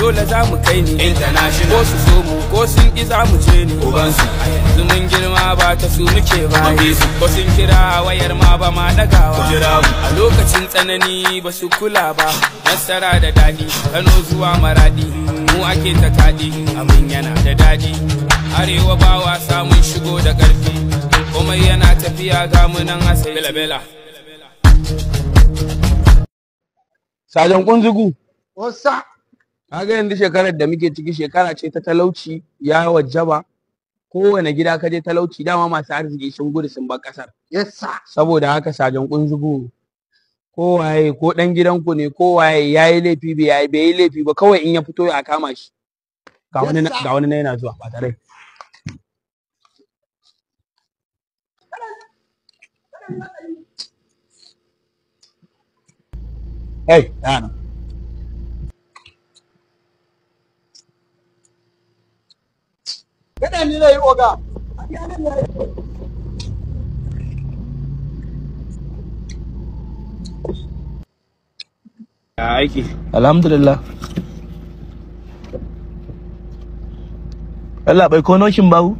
dole za mu kai ni international ko su so mu ko sun ki za mu ce ni ubansu a yanzu mun girma ba ta su muke ba ko sun kira wayar ma ba ma dagawa a lokacin tsanani ba su kula ba nasara da dadi kano zuwa maradi mu ake ta amin yana da dadi arewa ba wasa mun shigo da karfi komai yana tafiya ga mu nan asali bela bela Sajan Kunzugu. Wasa. kaga yanzu shekarar da muke ciki shekara ce ta talauci ya wajaba kowane gida ka je talauci dama masu arziki sun gudu sun bar kasar saboda haka sajan kunzugu kowaye ko dan gidan ku ne kowaye yayi laifi bai yayi bai laifi ba kawai in ya fito ya kama shi ga wani ga wani na yana zuwa ba tare Hey, Gaɗa ni na yi oga. Ya aiki. Alhamdulillah. Allah bai ko nokin babu?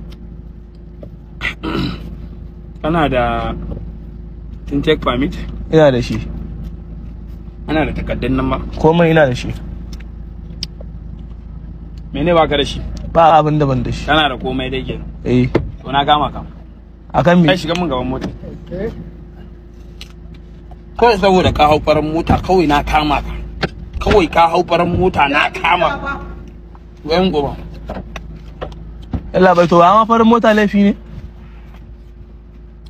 Kana da tintec permit? Ina da shi. Ana da takardun nan ba? Komai ina da shi. Mene ba ka da shi? ba abin da ban da shi tana da komai dai kenan eh to na gama kam akan me kai shiga mun gaban mota eh? kawai saboda ka hau farar mota kawai na kama ka kawai ka hau farar mota na kama ka wayan goma. Allah bai to ba ma farar mota laifi ne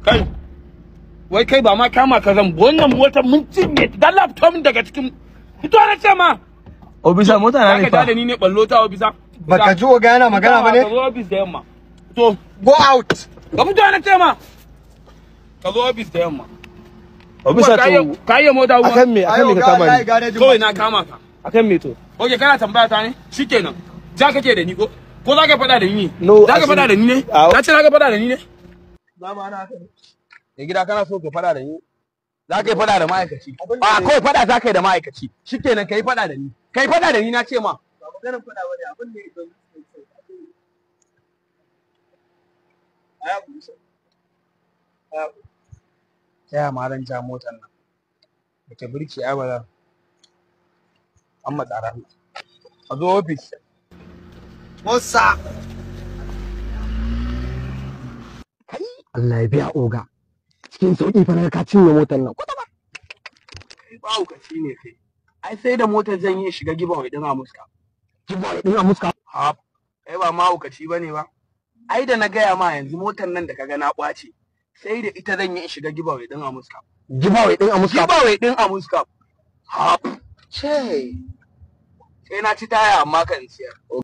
kai wai kai ba ma kama ka zan wannan mota mun cinye da laptop daga cikin fito na ce ma obisa mota na ne fa ka da ni ne ballo ta obisa baka ji oga yana magana bane ka zo office da yamma to go out ka fito ana tema ka zo office da yamma ofisa to ka yi mota ruwa akan me akan me ka kama ni kawai na kama ka akan me to oke kana tambaya ta ne shikenan ja kake da ni ko ko za ka faɗa da ni ne za ka faɗa da ni ne na ce za ka faɗa da ni ne ma na ka ne gida kana so ka faɗa da ni za ka yi faɗa da ma'aikaci a kawai faɗa za ka yi da ma'aikaci shikenan ka yi faɗa da ni ka yi faɗa da ni na ce ma maganar faɗa wani abin da ya domin su kai ta yaya ma zan ja motar nan da ta birki a ba an matsara a zo ofis Musa Allah ya biya oga cikin sauƙi fara na ka cinye motar nan kwata ba ba ne kai ai sai da motar zan yi shiga gibawa idan a muska ki boy ina muska ai ba mahaukaci bane ba ai da na gaya ma yanzu motar nan da kaga na kwace sai da ita zan yi in shiga giveaway ɗin a muska giveaway din a muska giveaway din a muska ha ce sai na ci taya amma kan siyar